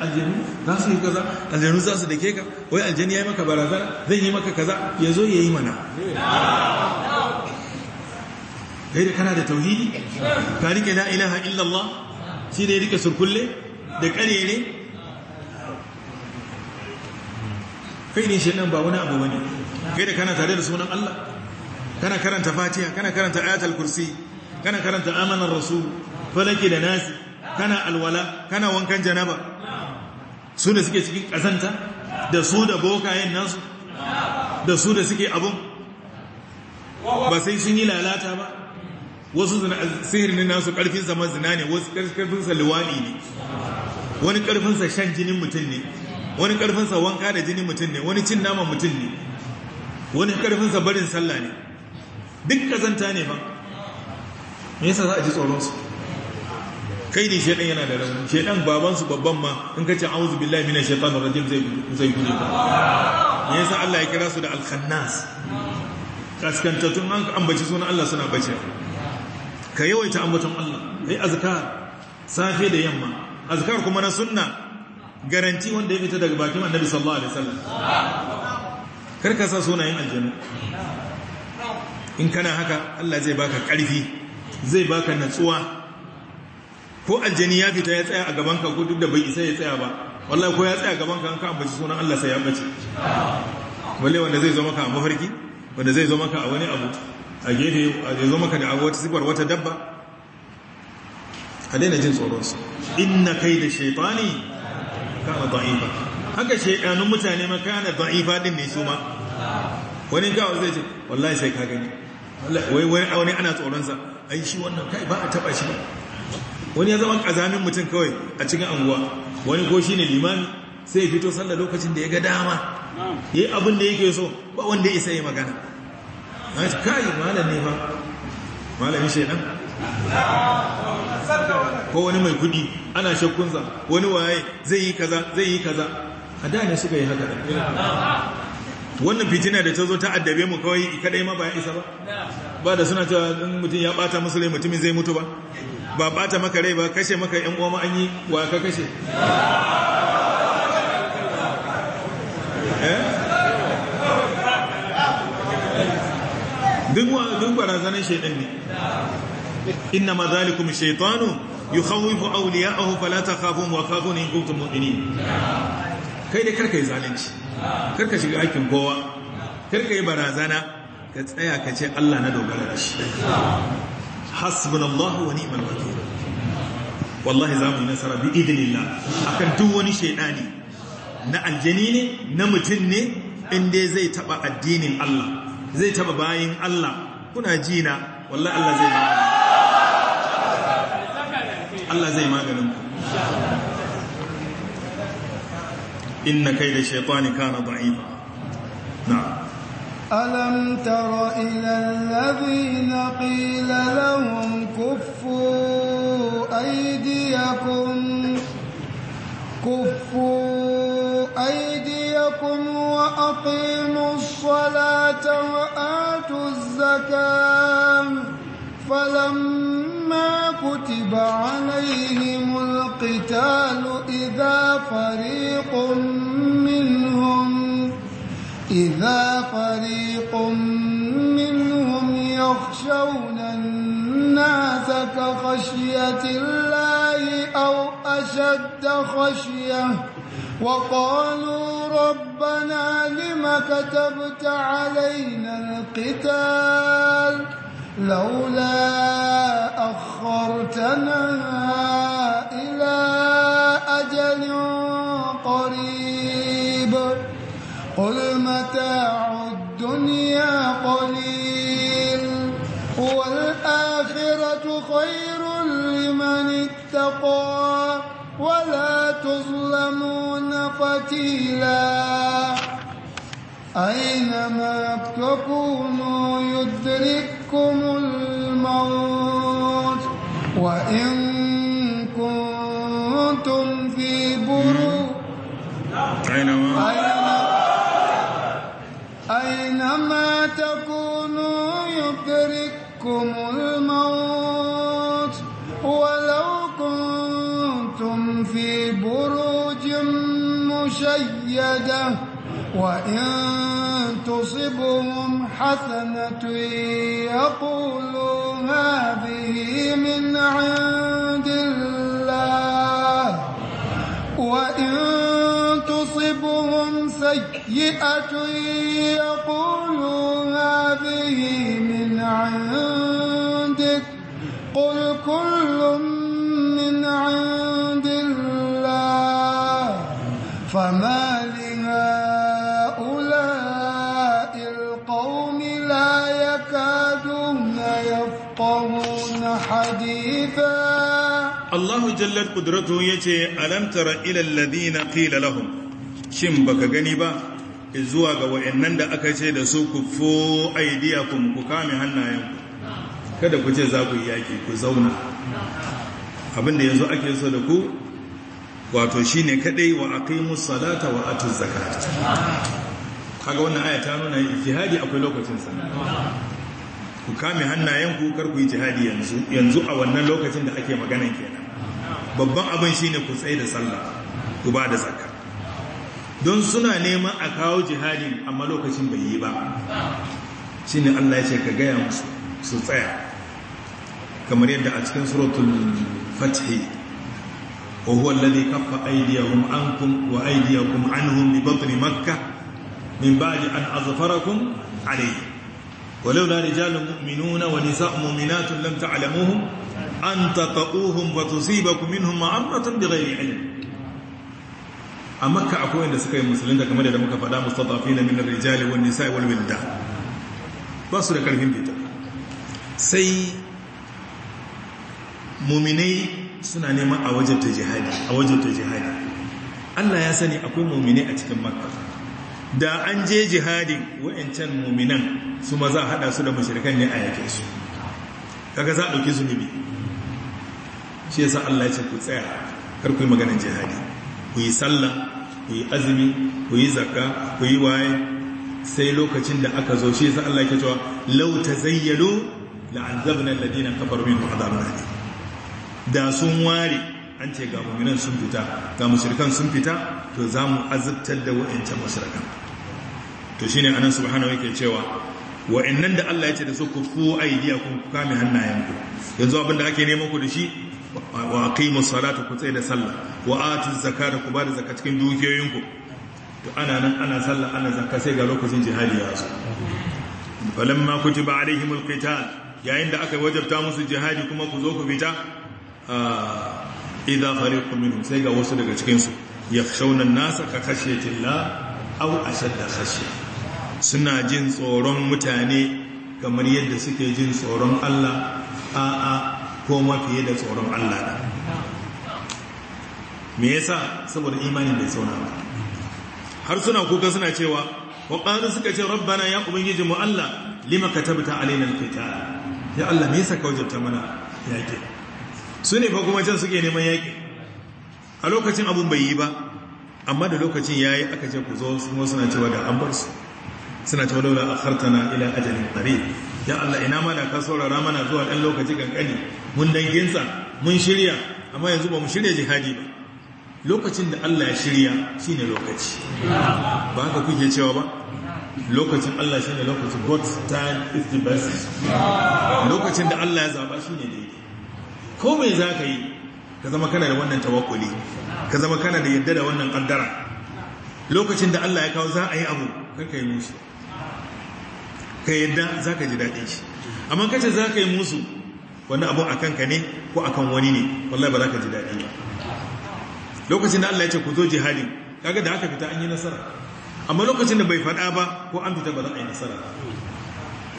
aljanu za su yi kaza aljanu za su ke ka wai Aljanu ya yi maka barazana zai yi maka kaza ya zo ya yi mana kai kana da tauhidi ka rike la ilaha illallah shi da ya rike surkulle da karere kai ne shi nan ba wani abu bane kai kana tare da sunan Allah kana karanta fatiha kana karanta ayatul kursi kana karanta amanar rasul falaki da nasi kana alwala kana wankan janaba su da suke cikin kazanta da su da bokayen nasu da su da suke abun ba sai sun yi lalata ba wasu sihirin nan nasu karfinsa mazina ne wasu karfinsa luwali ne wani karfinsa shan jinin mutum ne wani karfinsa wanka da jinin mutum ne wani cin nama mutum ne wani karfinsa barin sallah ne duk kazanta ne ba me yasa za a ji tsoronsu kai ne shaidan yana da rauni shaidan su babban ma in ka ce auzu billahi minash shaitanir rajim zai zai guje ka me yasa Allah ya kira su da al-khannas kaskantatun an ambaci sunan Allah suna bace ka yawaita ambaton Allah yi azkar safe da yamma azkar kuma na sunna garanti wanda ya fita daga bakin annabi sallallahu alaihi wasallam kar ka sa sunayen aljanna in kana haka Allah zai baka karfi zai baka natsuwa ko aljani ya fita ya tsaya a gaban ka ko duk da bai isa ya tsaya ba wallahi ko ya tsaya gaban ka an ka ambaci sunan Allah sai ya ambaci wallahi wanda zai zo maka a mafarki wanda zai zo maka a wani abu a gefe ya zo maka da abu wata sifar wata dabba a daina jin tsoronsu inna kai da ka kana ba'ifa haka shaidanun mutane ma kana da'ifa din ne su ma wani kawai zai ce wallahi sai ka gani wani wani ana tsoronsa ai shi wannan kai ba a taba shi ba wani ya zama kazanin mutum kawai a cikin anguwa wani ko shi ne limami sai ya fito sallah lokacin da ya ga dama yi abin da yake so ba wanda ya isa yi magana an yi kai malam ba malami shaidan ko wani mai kudi ana shakkunsa wani waye zai yi kaza zai yi kaza a da ne suka yi haka wannan fitina da ta zo ta addabe mu kawai kadai ma ba ya isa ba ba da suna cewa in mutum ya bata musu mutumin zai mutu ba ba bata maka rai ba kashe maka yan uwa an yi wa ka kashe eh duk barazanar shaidan ne inna ma zalikum shaitanu yukhawifu awliya'ahu fala takhafun wa khafun in kuntum mu'minin kai dai karka yi zalunci karka shiga aikin kowa karka yi barazana ka tsaya ka ce Allah na dogara da shi hasbunallahu wa ni'mal wakeel wallahi za mu nasara bi idinillah akan duk wani shaidani na aljani ne na mutum ne inda zai taba addinin Allah zai taba bayin Allah kuna ji na wallahi Allah zai magana Allah zai maganin ku inna kayda shaytani kana da'ifa na'am ألم تر إلى الذين قيل لهم كفوا أيديكم كفوا أيديكم وأقيموا الصلاة وآتوا الزكاة فلما كتب عليهم القتال إذا فريق منهم إذا فريق منهم يخشون الناس كخشية الله أو أشد خشية وقالوا ربنا لم كتبت علينا القتال لولا أخرتنا إلى أجل قريب قل متاع الدنيا قليل والآخرة خير لمن اتقى ولا تظلمون فتيلا أينما تكونوا يدرككم الموت وإن كنتم في بروج أينما أينما تكونوا يدرككم الموت زيادة وإن تصبهم حسنة يقولوا هذه من عند الله وإن تصبهم سيئة يقولوا هذه من عندك قل كل allahu jallar جلت قدرته يجي ألم na na الذين Shin لهم شم gani ba, zuwa ga wa'annan da aka ce da su ku fo aidiyakum ku kame hannayenku kada ku ce za ku yi yaki ku zauna abinda yanzu ake so da ku wato shine kaɗai wa musu salata wa atuz zakat kaga wannan aya ta nuna jihadi akwai lokacin sa ku kame hannayenku kar ku yi jihadi yanzu yanzu a wannan lokacin da ake magana kenan babban abin shine ku tsaye da sallah ku ba da zakka don suna neman a kawo jihadi amma lokacin bai yi ba shine Allah ya ce ka gaya musu su tsaya kamar yadda a cikin suratul fathi wa huwa alladhi kaffa aydiyahum ankum wa aydiyakum anhum li batni makkah min ba'di an azfarakum alayhi ولولا رجال مؤمنون ونساء مؤمنات لم تعلموهم أن تطؤوهم وتصيبكم منهم معرة بغير علم a makka akwai wanda suka yi musulun da kamar muka faɗa mustatafi na minar rijali wani nisa'i wal wilda ba su da ƙarfin fita sai muminai suna neman a wajen ta a wajen ta Allah ya sani akwai muminai a cikin makka da an je jihadin wa'ancan muminan su ma za a haɗa su da mashirkan ne a yake su kaga za a ɗauki zunubi shi yasa Allah ce ku tsaya kar ku yi maganar jihadi ku yi sallah ku yi azumi ku yi zakka ku yi waye sai lokacin da aka zo shi yasa Allah ke cewa law tazayyalu la'azabna alladina kafaru minhum adhaban ne da sun ware an ce ga mu'minan sun fita ga mashirkan sun fita to za mu azabtar da wa'ancan mushrikan to shine anan subhanahu yake cewa wa'annan da Allah ya ce da su fu aidiya ku kame hannayenku yanzu abin da ake neman ku da shi wa aqimus salata ku tsaye da sallah wa atuz zakata ku bada zakat cikin dukiyoyinku to ana nan ana sallah ana zakka sai ga lokacin jihadi ya zo falamma kutiba alaihimul qital yayin da aka wajabta musu jihadi kuma ku zo ku fita idza fariqun minhum sai ga wasu daga cikin su yakhshawna an-nasa ka khashyatillah aw ashadda khashyah suna jin tsoron mutane kamar yadda suke jin tsoron Allah a'a ko mafi da tsoron Allah da me yasa saboda imanin bai sauna ba har suna kuka suna cewa waƙarin suka ce rabbana ya ubangiji mu Allah lima katabta alaina alqital ya Allah me yasa kaujabta mana yake su ne fa kuma can suke neman yake a lokacin abun bai yi ba amma da lokacin yayi aka ce ku zo suna cewa da an bar su suna ta walaula akhartana ila ajalin qarib ya Allah ina mana ka saurara mana zuwa ɗan lokaci kankani mun danginsa mun shirya amma yanzu ba mu shirya jihadi ba lokacin da Allah ya shirya shine lokaci ba haka kuke cewa ba lokacin Allah shine lokaci God's time is the best lokacin da Allah ya zaba shine daidai ko me ka yi ka zama kana da wannan tawakkuli ka zama kana da yadda da wannan kaddara lokacin da Allah ya kawo za a yi abu ka yi mushi ka yadda za ka ji daɗin shi amma kace za ka yi musu wani abu a kanka ne ko a kan wani ne wallahi ba za ka ji daɗi ba lokacin da Allah ya ce ku zo jihadin kaga da aka fita an yi nasara amma lokacin da bai faɗa ba ko an fita ba za a yi nasara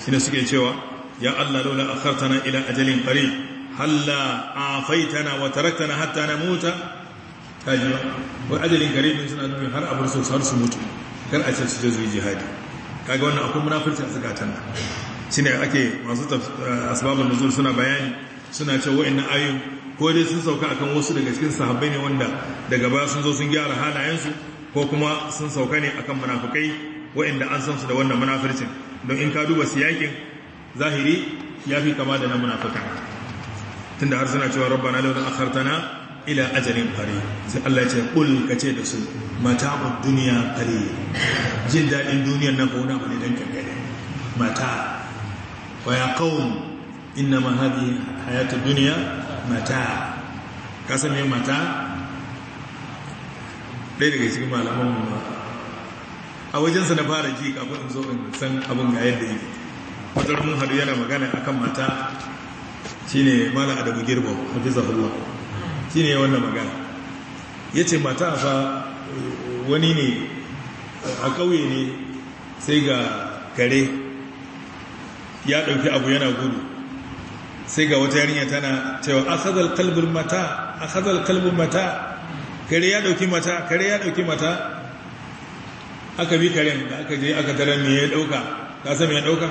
shi ne suke cewa ya Allah laula akhartana ila ajalin qarib halla fa'itana wa taraktana hatta namuta kaji wa ajalin qarib suna nufin har abar su har su mutu kar a ce su je jihadi kaga wannan akwai munafirci a zakatan nan ne ake masu eh, asibabin nuzul suna bayani suna cewa wa'annan ayu ko dai sun sauka akan wasu daga cikin sahabbai ne wanda daga baya sun zo sun gyara halayensu ko kuma sun sauka ne akan munafikai da an san su da wannan munafircin don in ka duba siyakin zahiri ya fi kama da na munafika tunda har suna cewa rabbana law akhartana ila ajalin fari sai Allah ce kul ka ce da su mata'ud duniya fari jin dadin duniyar nan ko ba ne dan kankare mata wa ya qaum inna ma hadhihi hayatu dunya mata kasan ne mata ɗaya daga cikin malaman mu a wajensa na fara ji kafin in zo in san abin ga yadda yake wata mun hadu yana magana akan mata shine mala adabu girbo hafizahullah shi ne wannan magana ya ce mata fa wani ne a ƙauye ne sai ga kare ya ɗauki abu yana gudu sai ga wata yarinya tana cewa a akhadhal kalbin mata a akhadhal kalbin mata kare ya ɗauki mata kare ya ɗauki mata aka bi karen da aka je aka tarar ne ya ɗauka, ka san ya ɗauka?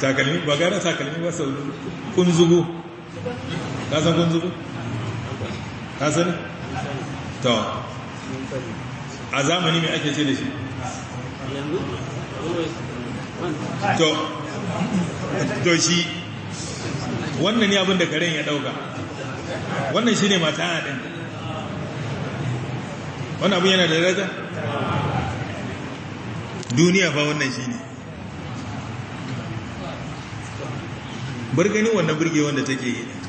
takalmi ba gara takalmi ba sau kun zugu Kasan kun zuku? kasan? to a zamani mai ake ce da shi to to shi wannan ne abin da karen ya dauka wannan shi ne mata haɗin wannan abin yana da daraja duniya fa wannan shi ne bar wannan burge wanda take yi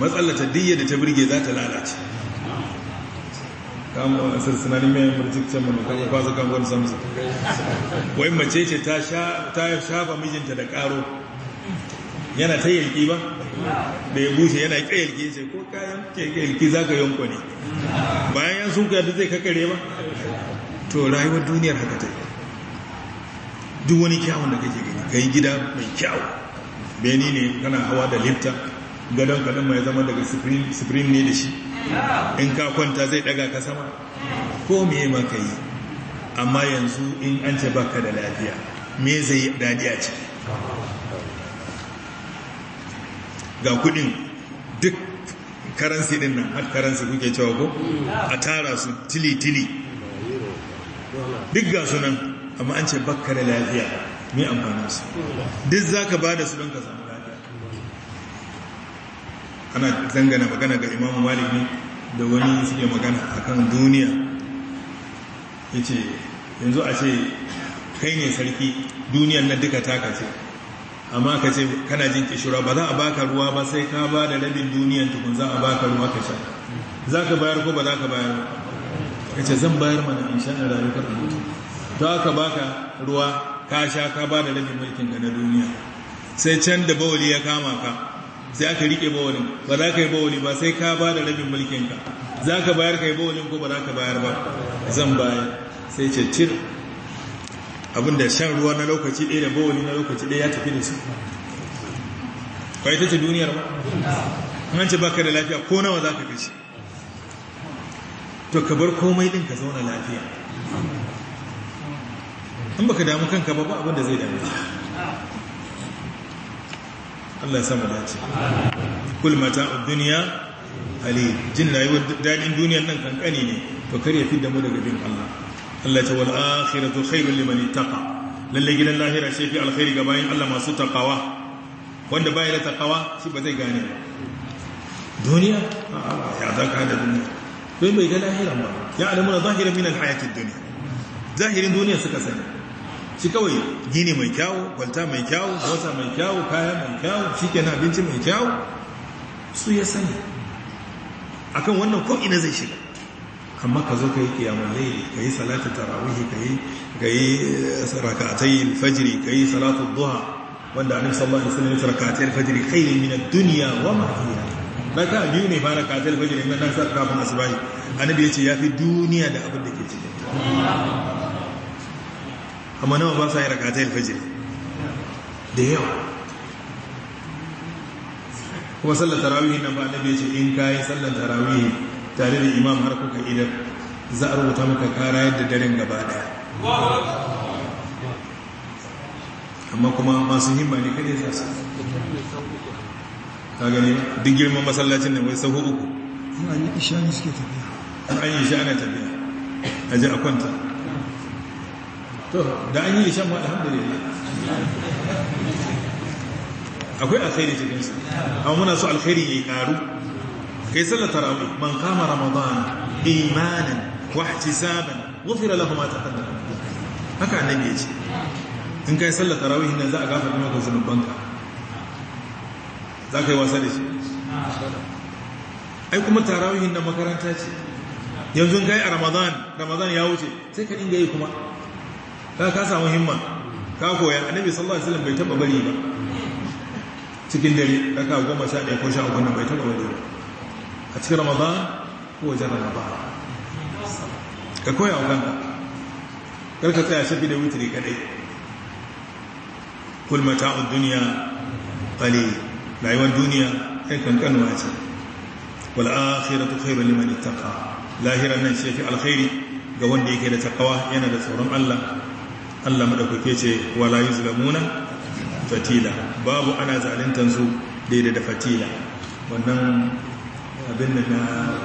matsalata diyya da ta birge za ta lalace kama sarsinani mai murtik can mana kama kwasa su kama wani samsa wai mace ce ta shafa mijinta da karo yana ta yalki ba da ya bushe yana ka yalki ce ko kayan ke yalki za ka yanko ne bayan yan suka da zai kakare ba to rayuwar duniyar haka ta yi. duk wani kyawun da kake gani ka yi gida mai kyawun beni ne kana hawa da lifta gadon kadan mai zama daga spring ne da shi in ka kwanta zai daga ka sama ko meye maka yi amma yanzu in an ce baka da lafiya me zai dadi a ciki ga kudin duk karansi din nan har karansi kuke cewa ko a tara su tili-tili duk ga sunan amma an ce baka da lafiya mai amfani su duk za ka ba da su don ka samu lafiya ana zangana magana ga imamu maliki da wani suke magana a kan duniya ya ce yanzu a ce kai ne sarki duniyan na duka ta kace amma ka ce kana jin kishura ba za a baka ruwa ba sai ka ba da rabin duniyan tukun za a baka ruwa ka sha za ka bayar ko ba za ka bayar ka ce zan bayar mana in sha rayu za ka ruwa ka sha ka ba da rabin mulkin ka na duniya sai can da bawali ya kama ka sai aka rike bawalin ba za ka yi bawali ba sai ka ba da rabin mulkin ka za ka bayar ka yi bawalin ko ba za ka bayar ba zan bayar sai cecir abinda shan ruwa na lokaci ɗaya da bawali na lokaci ɗaya ya tafi da su kwaita ce duniyar ba an ce baka da lafiya ko nawa za ka kashe to ka bar komai ɗin ka zauna lafiya in baka damu kanka ba ba abin da zai damu Allah ya samu dace kul mata'ud dunya ali jin na yi daɗin duniyar nan kankani ne to kar ya fidda mu daga bin Allah Allah ta wal akhiratu khairul liman ittaqa lalle gidan lahira shi fi alkhairi ga bayin Allah masu taqawa wanda bai da taqawa shi ba zai gane ba duniya ya ka da duniya don bai ga lahira ba ya alamuna zahiran min alhayati dunya zahirin duniya suka sani shi kawai gini mai kyawu kwalta mai kyawu bota mai kyawu kaya mai kyawu shi na abinci mai kyawu su ya sani akan wannan ko ina zai shiga amma ka zo ka yi kiyamun laili ka yi salatun tarawihi ka yi rakatai fajiri ka yi eh, salatun duha wanda annabi sallallahu alaihi wasallam rakatai alfajiri min ad-dunya wa ma fiha biyu ne fara rakatai nan annabi ya ce yafi duniya da abin da ke cikin amma nawa ba sa yi rakatai alfajir da yawa kuma sallar tarawih nan ba annabi ya ce in ka yi sallar tarawih tare da imam har kuka idan za a rubuta maka kara yadda daren gaba daya amma kuma masu himma ne kada ya su ka gani duk girman masallacin da wai sahu uku an yi isha ne suke tafiya an yi isha ana tafiya a ji a kwanta da an yi shan ma alhamdulillah akwai alkhairi cikin su amma muna so alkhairi ya karu kai sallar tarawih man kama ramadan imanan wa ihtisaban ghufira lahu ma taqaddam haka annabi ya ce in kai sallar tarawih nan za a gafarta maka zunubanka za ka yi wasa da shi ai kuma tarawihin nan makaranta ce yanzu in kai a ramadan ramadan ya wuce sai ka dinga yi kuma ka ka samu himma ka koya annabi sallallahu alaihi wasallam bai taba bari ba cikin dare raka goma sha ɗaya ko sha uku bai taba bari ba a cikin ramadan ko wajen ramadan ka koya wa kanka kar ka tsaya shafi da wutiri kadai kul mata'ud dunya qalil rayuwar duniya kai kankanuwa ce wal akhiratu khairun liman ittaqa lahiran nan shi fi alkhairi ga wanda yake da takawa yana da tsoron Allah Allah madaukake ce wala yuzlamuna fatila babu ana zaluntan su daidai da fatila wannan abin da na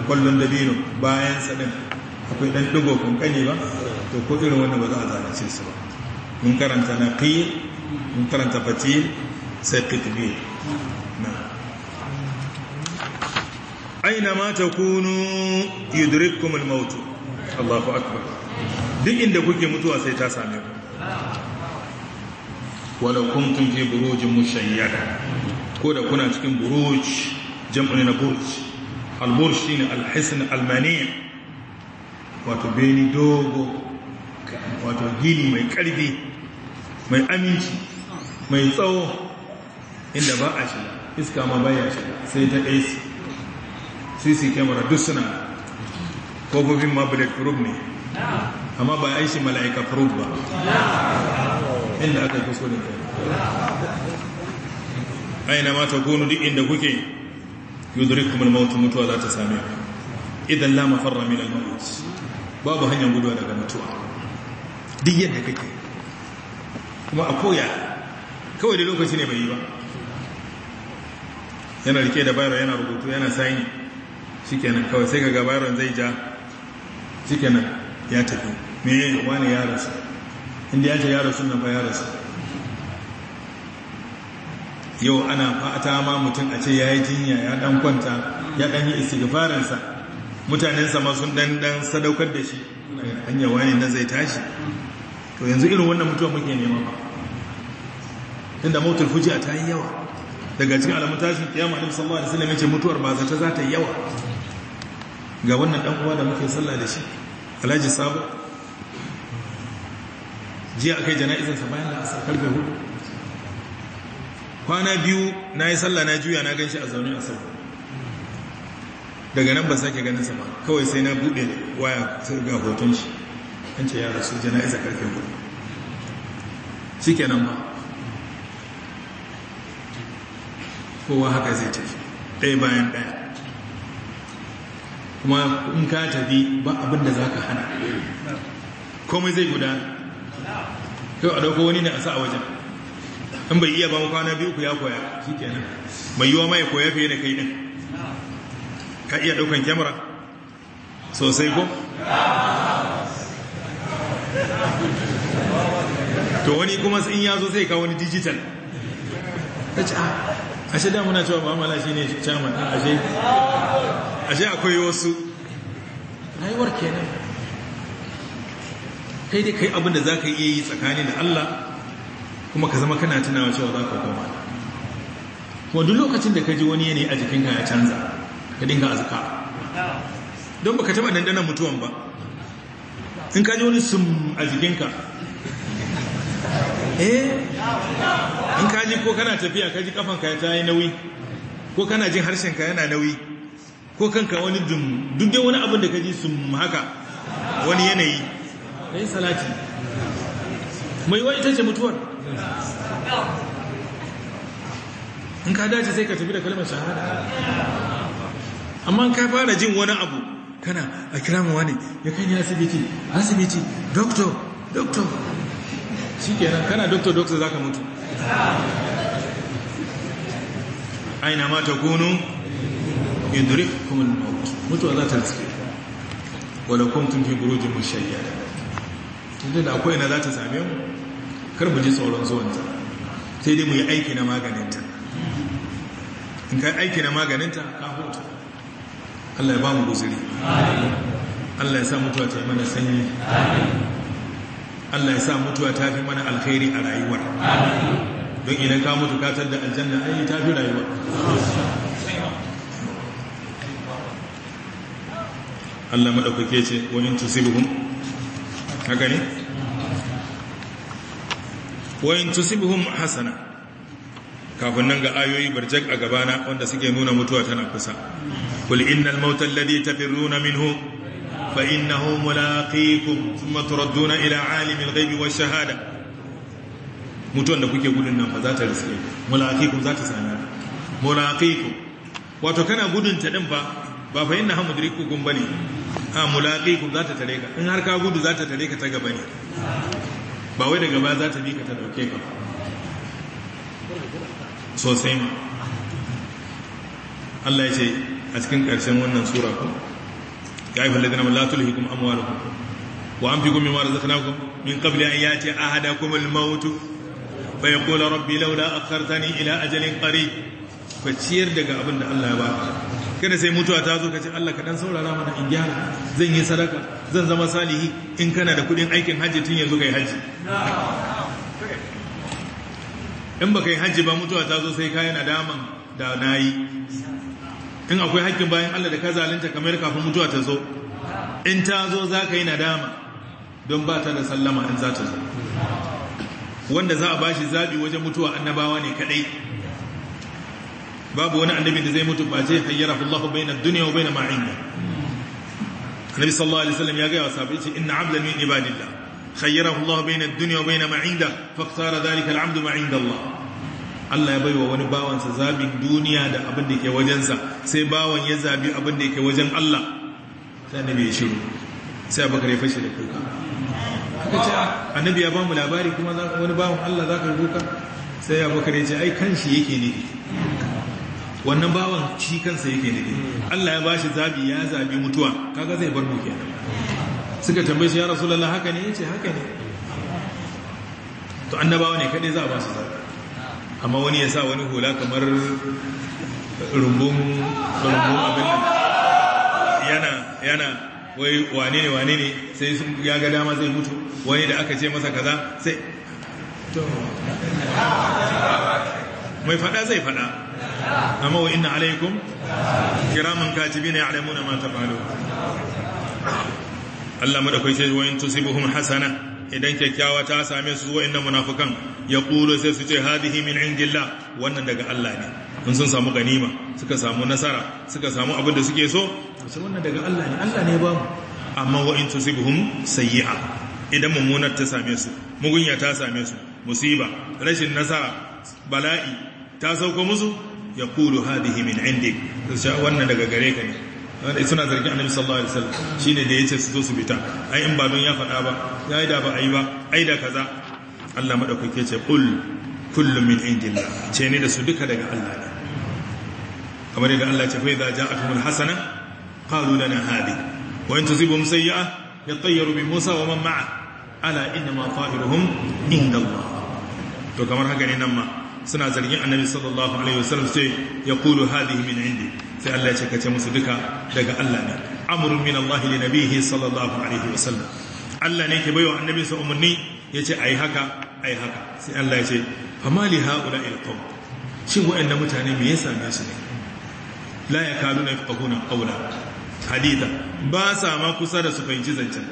kwallon dabino bayan sadan akwai dan kun kankani ba to ko irin wannan ba za a zalunce su ba mun karanta na qi mun karanta fatil sai qitbi na aina ma takunu yudrikkum maut Allahu akbar duk inda kuke mutuwa sai ta same ku walau kuntum fi burujin mushayyada ko da kuna cikin buruj jam'u na burj al shi ne al-hisn al-mani wato beni dogo wato gini mai karfi mai aminci mai tsawo inda ba a shiga iska ma baya shiga sai ta AC CC camera duk suna kofofin ma bude ne amma ba yi shi mala'ika furud ba inda aka yi kusurin kai aina mata gonu duk inda kuke yudrikum kuma mawutu mutuwa za ta same idan la farra min al-maut babu hanyar guduwa daga mutuwa duk yadda kake kuma a koya kawai da lokaci ne bai yi ba yana rike da bayarwa yana rubutu yana sayi kenan kawai sai ga gabaron zai ja kenan ya tafi me wani ya rasu inda ya ce ya rasu na ba ya rasu yau ana fata ma mutum a ce ya yi jinya ya dan kwanta ya dan yi istighfarinsa mutanensa ma sun dan dan sadaukar da shi hanya wani na zai tashi to yanzu irin wannan mutuwa muke nema ba inda mautul fujiya ta yi yawa daga cikin alamun tashin kiyama da sallallahu da wasallam yace mutuwar ba zata za ta yawa ga wannan dan uwa da muke sallah da shi alhaji sabo jiya aka kai jana'izarsa bayan da asar karfe hudu kwana biyu na yi sallah na juya na gan shi a zaune a sau daga nan ba sake ganin ba kawai sai na buɗe waya ga hoton shi an ce ya rasu jana'izar karfe hudu shi kenan ba kowa haka zai tafi ɗaya bayan ɗaya kuma in ka tafi ba abin da za ka hana komai zai gudana kai a dauko wani ne a sa a wajen in bai iya ba mu kwana biyu ku ya koya shikenan mai yiwa mai koya fiye da kai din ka iya daukan kyamara sosai ko to wani kuma in ya zo zai kawo wani digital ah, ashe da muna cewa mu'amala shine chairman a ashe akwai wasu rayuwar kenan kai dai kai abinda za ka iya yi tsakani da Allah kuma ka zama kana tunawa cewa za ka koma kuma duk lokacin da ka ji wani yanayi a jikinka ya canza ka dinga azuka don ba ka taba dandana mutuwan ba in ka ji wani sum a jikinka eh in ka ji ko kana tafiya ka ji kafanka ta yi nauyi ko kana jin harshenka yana nauyi ko kanka wani dum duk dai wani abin da ka ji sum haka wani yanayi ka yi salati mai wa ita ce mutuwar in ka dace sai ka tafi da kalmar shahada amma ka fara jin wani abu kana a kira mawa ne ya kan yi asibiti asibiti doktor doktor shi kenan kana doktor doktor za ka mutu aina mata ta kunu yadda rikumul mutuwa za ta tsaye wadda kuntun fi burujin mashayyada tunda da akwai na za ta same mu kar mu ji tsoron zuwanta sai dai mu yi aiki na maganinta in ka aiki na maganinta ka hoto Allah ya ba mu guzuri Allah ya sa mutuwa ta yi mana sanyi Allah ya sa mutuwa ta fi mana alkhairi a rayuwar don idan ka mutu katar da aljanna ai ta fi rayuwa Allah maɗaukake ce wani tusibuhun haka ne wayin tusibuhum hasana kafin nan ga ayoyi barjak a gabana wanda suke nuna mutuwa tana kusa kul innal mautal ladhi tafiruna minhu fa innahu mulaqikum thumma turadduna ila alimil ghaibi wash shahada mutuwan da kuke gudun nan fa za ta riske mulaqikum za ta sana mulaqikum wato kana gudun ta din fa ba fa innahu mudrikukum bali a mulaqikum za ta tare ka in har ka gudu za ta tare ka ta gaba ne ba wai daga ba za ta bi ka ta dauke ka sosai ma Allah ya ce a cikin ƙarshen wannan sura ko ya ayyuhal ladina la tulhikum amwalukum wa an fi anfiqu mimma razaqnakum min qabli an yati ahadakum al-maut fa yaqulu rabbi laula akhartani ila ajalin qarib ka ciyar daga abin da Allah ya ba kada sai mutuwa ta zo ka Allah ka dan saurara mana in gyara zan yi sadaka zan zama salihi in kana da kudin aikin haji tun yanzu kai haji in baka yi haji ba mutuwa ta zo sai kai daman da nayi in akwai hakkin bayan Allah da ka zalunta kamar kafin mutuwa ta zo in ta zo za ka yi nadama don ba ta da sallama in za ta zo wanda za a bashi zaɓi wajen mutuwa annabawa ne kaɗai babu wani annabi da zai mutu face hayyarahu Allah baina dunya wa baina ma inda annabi sallallahu alaihi wasallam ya ga wa sahabbai ce inna abdan min ibadillah khayyarahu Allah baina dunya wa baina ma inda faqtara dhalika al-abdu ma inda Allah Allah ya baiwa wani bawansa zabin duniya da abin da ke wajensa sai bawan ya zabi abin da ke wajen Allah sai annabi ya shiru sai abakar ya fashe da kuka aka ce annabi ya ba mu labari kuma wani bawan Allah za ka yi sai abakar ya ce ai kanshi yake ne wannan bawan shi kansa yake nufi Allah ya bashi zabi ya zabi mutuwa kaga zai bar mu suka tambaye shi ya rasulullah haka ne yace haka ne to annabawa ne kadai za a basu zabi amma wani ya sa wani hula kamar rumbun rumbun abin yana yana wai wane ne wane ne sai ya ga dama zai mutu wani da aka ce masa kaza sai mai fada zai fada amma wa inna alaikum kiraman katibina ya'lamuna ma taf'alun Allah madaukake wa in tusibuhum hasana idan kyakkyawa ta same su wa'annan munafukan ya kulo sai su ce hadihi min ingila, wannan daga Allah ne in sun samu ganima suka samu nasara suka samu abin da suke so sai wannan daga Allah ne Allah ne ba mu amma wa in tusibuhum a. idan mummunar ta same su mugunya ta same su musiba rashin nasara bala'i ta sauko musu ya kulu hadihi min indik wannan daga gare ka ne wanda suna zargin annabi sallallahu alaihi wasallam shine da yace su zo su bita ai in ba don ya faɗa ba yayi da ba ai ba ai da kaza Allah madaukake ce qul kullu min indillah ce ne da su duka daga Allah ne kamar yadda Allah ce fa idza ja'akumul hasana qalu lana hadi wa in tusibhum sayyi'a yatayyaru bi Musa wa man ma'a ala inna ma ta'iruhum inda to kamar haka ne nan ma suna zargin annabi sallallahu alaihi wasallam sai ya kulu hadhihi min indi sai Allah ya cikace musu duka daga Allah ne amrun min Allah li nabihi sallallahu alaihi wasallam Allah ne ke baiwa annabi sa umarni yace ayi haka ayi haka sai Allah ya ce famali haula il qawm shin wayannan mutane me yasa ne su ne la yakaduna yafqahuna qawla haditha ba sa ma kusa da su fahimci zancen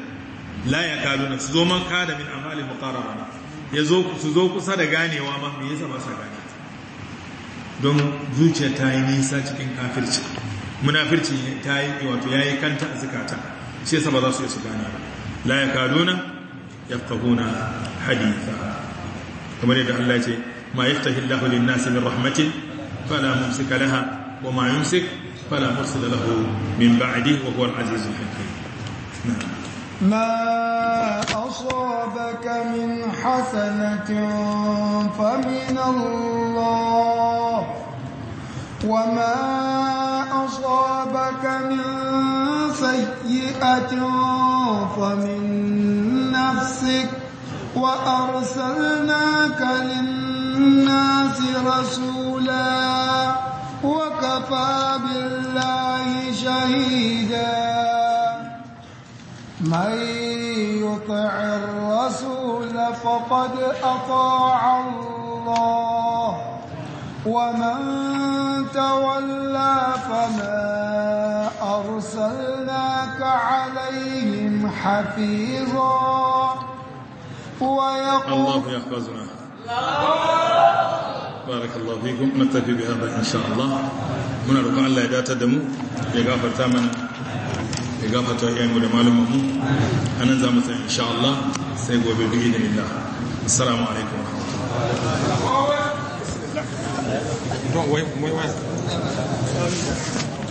la yakaduna su zo man kada min amali muqarrabana ya zo su zo kusa da ganewa ma me yasa ba sa gane don zuciya ta yi nisa cikin kafirci munafirci ta yi wato ya yi kanta a zukata shi yasa ba za su yi su gane ba la ya kaduna ya fahuna haditha kamar yadda Allah ce ma yaftahi Allahu lin-nasi min rahmatin fala mumsika kalaha wa ma yumsik fala mursila lahu min ba'dihi wa huwa al-azizul ما أصابك من حسنة فمن الله وما أصابك من سيئة فمن نفسك وأرسلناك للناس رسولا وكفى بالله شهيداً من يطع الرسول فقد اطاع الله ومن تولى فما ارسلناك عليهم حفيظا ويقول الله يحفظنا بارك الله فيكم نكتفي بهذا ان شاء الله من roƙon Allah ya datar da mu ya gafata iyayenmu da malumanmu a nan za mu tsaye insha Allah sai gobe duk da lillah assalamu alaikum wa rahmatullahi wa barakatuh